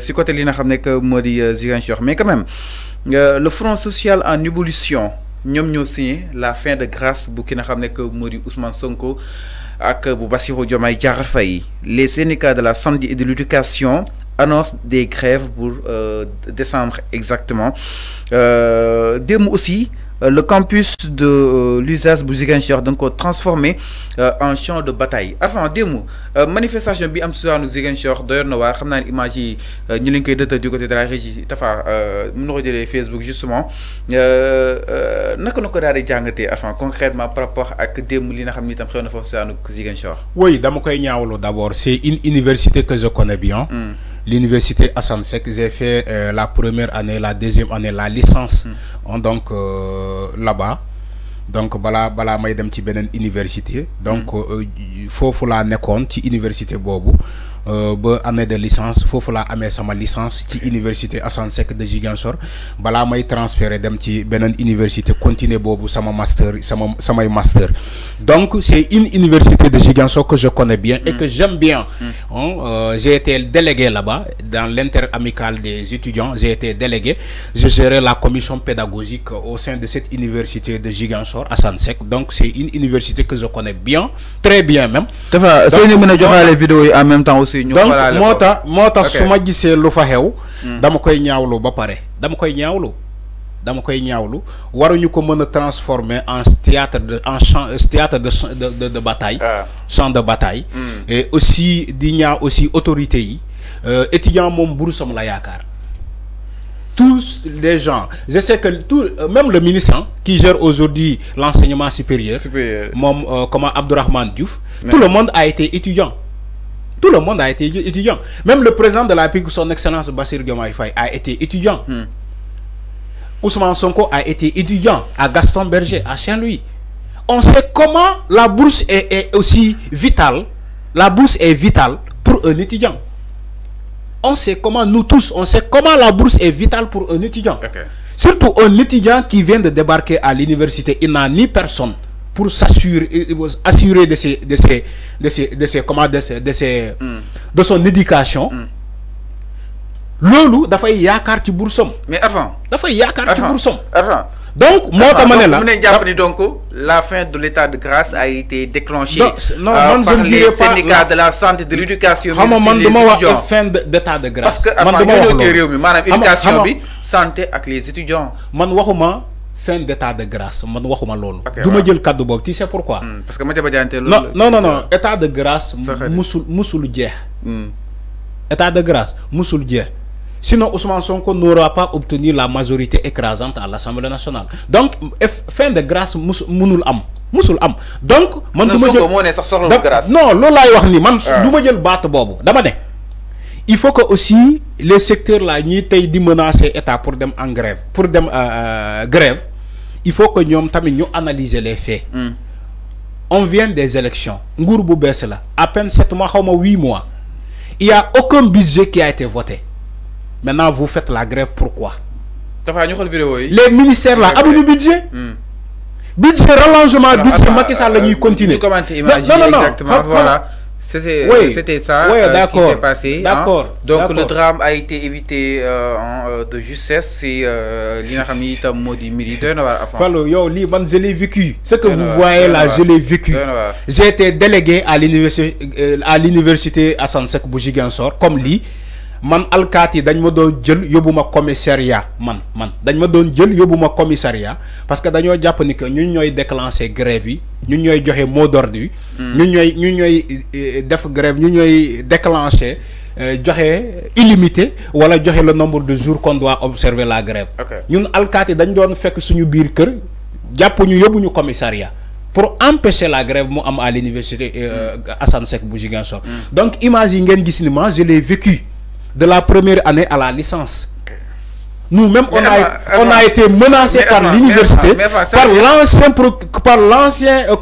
si côté li nga que euh, mais quand même euh, le front social en ébullition ñom ñoo la fin de grâce bu ki nga xamné que modi Ousmane Sonko ak bu Bassirou Diomaye les syndicats de la santé et de l'éducation annonce des grèves pour euh, décembre exactement mots aussi euh, le campus de euh, l'USAS Bouziganchor donc transformé euh, en champ de bataille avant démb manifestation bi am si waanu Ziguinchor doyoon na waar une image ñu koy du côté de la régie Tafa euh fait ko Facebook justement Euh na ko daal jangaté avant concrètement par rapport ak que li nga xamni tam xewna fofu na foofu oui dama koy ñaawlu d'abord, une université que je connais bien. Hmm l'université Hassan Sek. J'ai fait euh, la première année, la deuxième année, la licence mm. donc euh, là-bas. donc Bala Bala may dem université. donc mm. euh, Fofula la ne compte université Bobo. Euh, ba année de licence que je amee ma licence ci université Assane Seck de Gigansor je may transféré dem ci benen université continuer sama master sama samay master donc c'est une université de Gigansor que je connais bien et que j'aime bien mm. hein, euh, j'ai été délégué là-bas dans amical des étudiants j'ai été délégué je gérais la commission pédagogique au sein de cette université de Gigansor Assane Seck donc c'est une université que je connais bien très bien même. Tafa soo vidéo en même temps aussi donc moo tax moo tax su ma gisee lu fa xew. Hmm. dama koy ñaawlu ba pare dama koy ñaawlu. dama koy ñaawlu waruñu ko mën a transformer en théâtre de en champ euh, théâtre de de de bataille. Ah. champ de bataille. Hmm. et aussi di ñaaw aussi autorité yi euh, étudiant moom burusam la yaakaar. tous les gens je sais que tout euh, même le ministre hein, qui gère aujourd'hui l'enseignement supérieur. supérieur moom comment Abdourahmane Diouf. tout le monde a été étudiant. Tout le monde a été étudiant. Même le président de la République, son excellence Bassir Diomaye a été étudiant. Hmm. Ousmane Sonko a été étudiant à Gaston Berger, à Saint-Louis. On sait comment la bourse est, aussi vitale. La bourse est vitale pour un étudiant. On sait comment, nous tous, on sait comment la bourse est vitale pour un étudiant. Surtout un étudiant qui vient de débarquer à l'université. Il n'a ni personne pour s'assurer assurer de ses de ses de ses de ses comment de ses de ses mm. de son éducation. Mm. loolu dafay yaakaar ci bursam. mais avant. dafay yaakaar ci bursam. avant donc moo tax ma ne la. mu ne donc la fin de l'état de grâce a été déclenchée. non non, euh, je ne dirais pas par les syndicats de la santé de l'éducation. xam nga man dama wax fin d'état de grâce. parce que avant ñoo ñëw ci réew mi éducation bi santé avec les étudiants. man waxuma fin d'état de grâce man waxuma loolu. je ma jël cadeau. boobu tu sais pourquoi. Hmm, parce que Madiambal Diagne loolu non non non non état de grâce. musul musul jeex. Hmm. état de grâce musul jeex. Sinon, Ousmane Sonko n'aura pas obtenu la majorité écrasante à l'Assemblée nationale. Donc, fin de grâce, Moussoul, Am. Moussoul Am. Donc, man non, Sonko, mon je sorti grâce. Non, je wax ni man duma jël bat bobu. Dama né. Il faut que aussi les secteurs là ñi tay di menacer état pour dem en grève, pour dem euh, euh grève il faut que nous analysions analyser les faits. Hmm. on vient des élections Ngourbou bu à peine sept mois comme huit mois il n'y a aucun budget qui a été voté maintenant vous faites la grève pourquoi. les ministères là amuñu budget. Hmm. budget rallongement budget Macky Sall la continue. Euh, continuer. non non non voilà. C'était ça euh, qui s'est passé. Hein. D'accord. Donc le drame a été évité euh, euh, de justesse. C'est l'infamie Modi Militaire. Fallo, yo, li, je l'ai vécu. Ce que vous voyez là, je l'ai vécu. J'ai été délégué à l'université à Sansek Bougigansor, comme lui man alkaat yi dañ ma doon jël yobuma ma commissariat man man dañ ma doon jël yobuma ma commissariat parce que dañoo japp ni que ñun ñooy déclencher grève yi ñun ñooy joxe mot d'ordre yi. Hmm. ñun ñooy ñun ñooy eh, def grève ñun ñooy déclencher euh, joxe illimité wala joxe le nombre de jours qu'on doit observer la grève. ñun alkaat yi dañ doon fekk suñu biir kër jàpp ñu yóbbu commissariat. pour empêcher la grève mu am à l'université euh, Assane Seck bu Ziguinchor. Hmm. donc image yi ngeen gis ni ma je l'ai vécu de la première année à la licence. Nous-mêmes, on, a, été menacés par l'université, par l'ancien, par l'ancien, euh,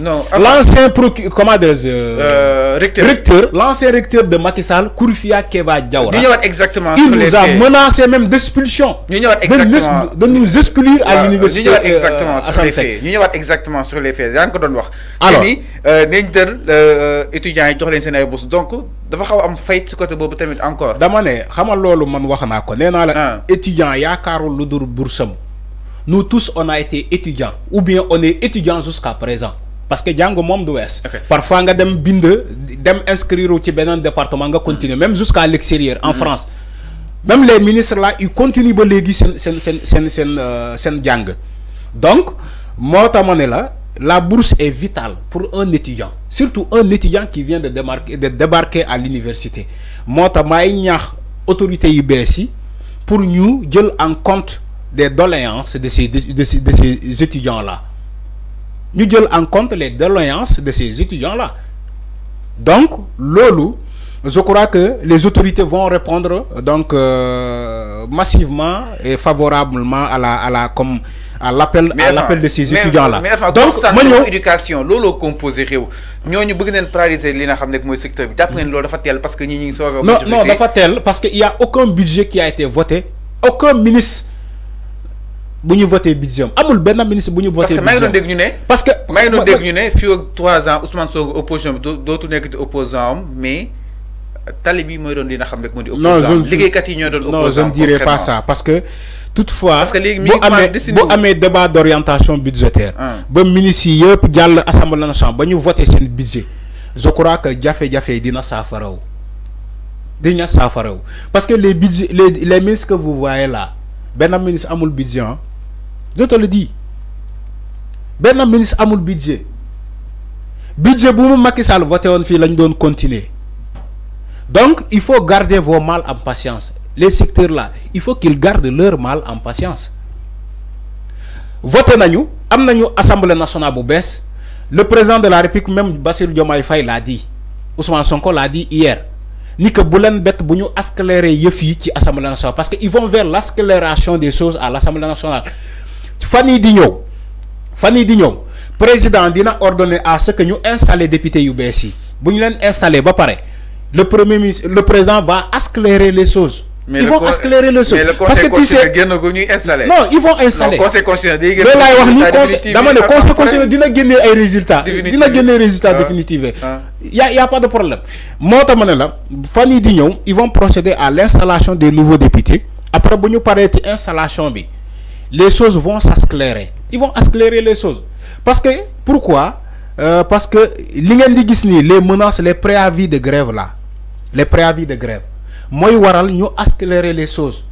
non. Ah, l'ancien comment dire, euh, euh recteur. l'ancien recteur de Macky Sall, Kourfia Keva Diawara. exactement. Il nous a menacé même d'expulsion. De, de, nous exclure à l'université. Euh, nous exactement sur les faits. Nous exactement sur les faits. J'ai doon wax. Alors, euh, euh, étudiants yi jox leen seen ay bourse donc dafa xaw am fait ce côté boobu tamit encore. dama ne xamal loolu man wax naa ko nee ah. étudiant yaakaarul lu dul boursam. nous tous on a été étudiants ou bien on est étudiants jusqu'à présent parce que jàng mom du wees parfois nga dem bind dem inscrire ci le département nga continuer même jusqu'à l'extérieur en mhm. France même les ministres là ils continuent de léguer sen sen sen sen, donc moi, la bourse est vitale pour un étudiant surtout un étudiant qui vient de débarquer à l'université Moi, tax autorité ubsi yu pour ñu jël en compte des doléances de ces étudiants là ñu jël en compte les doléances de ces étudiants là donc lolo je crois que les autorités vont répondre donc euh, massivement et favorablement à la à la comme à l'appel à l'appel de ces étudiants là donc ma ñëw éducation lolo composé réew ñooñu bëgg paralyser li ne secteur bi jàpp ngeen dafa parce que ñi ñi ngi non non dafa parce que il y a aucun budget qui a été voté aucun ministre bu voter voté budget amul benn ministre bu voter parce que maa ngi ñu né parce que maa ngi ñu né fii 3 trois ans Ousmane Sonko opposition d'autres dootu opposants opposant mais tali bi mooy doon dina xam rek moo di. opposant am kat yi ñoo doon. opposant non je ne dirai pas ça parce que. toutefois bo amé léegi mi débat d'orientation budgétaire. Ah. ba ministres yépp jall assemblée nationale bañu voter sen budget je crois que jafé jafe yi dina saafaraw dina saafaraw parce que les budget les les ministres que vous voyez là benn ministre amul budget je te le dis Ben ministre amul budget budget si vous Macky Sall voté vous fii lañ continuer donc il faut garder vos mal en patience les secteurs là il faut qu'ils gardent leur mal en patience voté nañu am assemblée nationale le président de la république même Bassir Diomaye Faye l'a dit Ousmane Sonko l'a dit hier ni que bu leen assemblée nationale parce qu'ils vont vers l'accélération des choses à l'assemblée nationale Fanny Dignon, Fanny Digno président dina ordonner à ce que nous installions Les députés UBSI bu ñu installer le premier ministre le président va accélérer les choses. ils vont accélérer les choses. le Parce que tu sais. Non, ils vont installer. Le Conseil constitutionnel. Mais là, le Conseil constitutionnel. Il ah. ah. a un résultats. Il Il n'y a pas de problème. Moi, Fanny Dignon, ils vont procéder à l'installation des nouveaux députés. Après, bon, nous parlons de l'installation les choses vont s'éclairer. Ils vont éclairer les choses. Parce que, pourquoi euh, Parce que les menaces, les préavis de grève là, les préavis de grève, moi, nous éclairer les choses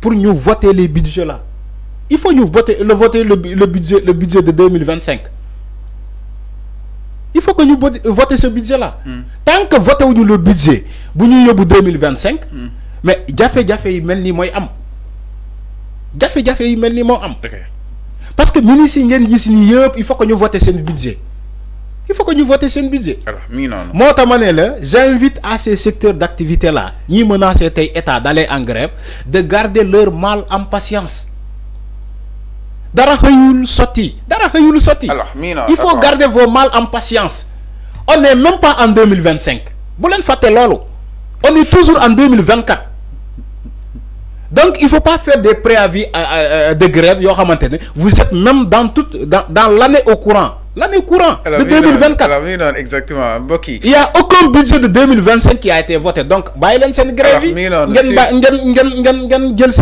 pour nous voter les budgets là. Il faut nous voter, le, voter le, budget, le budget de 2025. Il faut que nous votions ce budget-là. Hmm. Tant que votons le budget, vous nous en 2025, mais a fait, fait, il y a gaffe, parce que ministre, il faut que nous votions le budget il faut que nous votions le budget. Moi, mi j'invite à ces secteurs d'activité là ñiy menacer cet état d'aller en grève de garder leur mal en patience dara dara il faut garder vos mal en patience on n'est même pas en 2025 on est toujours en 2024 donc il faut pas faire des préavis euh, euh, euh, de grève vous êtes même dans toute dans l'année au courant l'année courant. de 2024 exactement il y a aucun budget de 2025 qui a été voté donc grève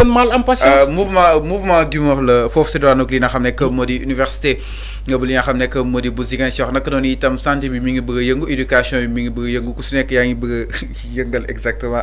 mal mouvement santé exactement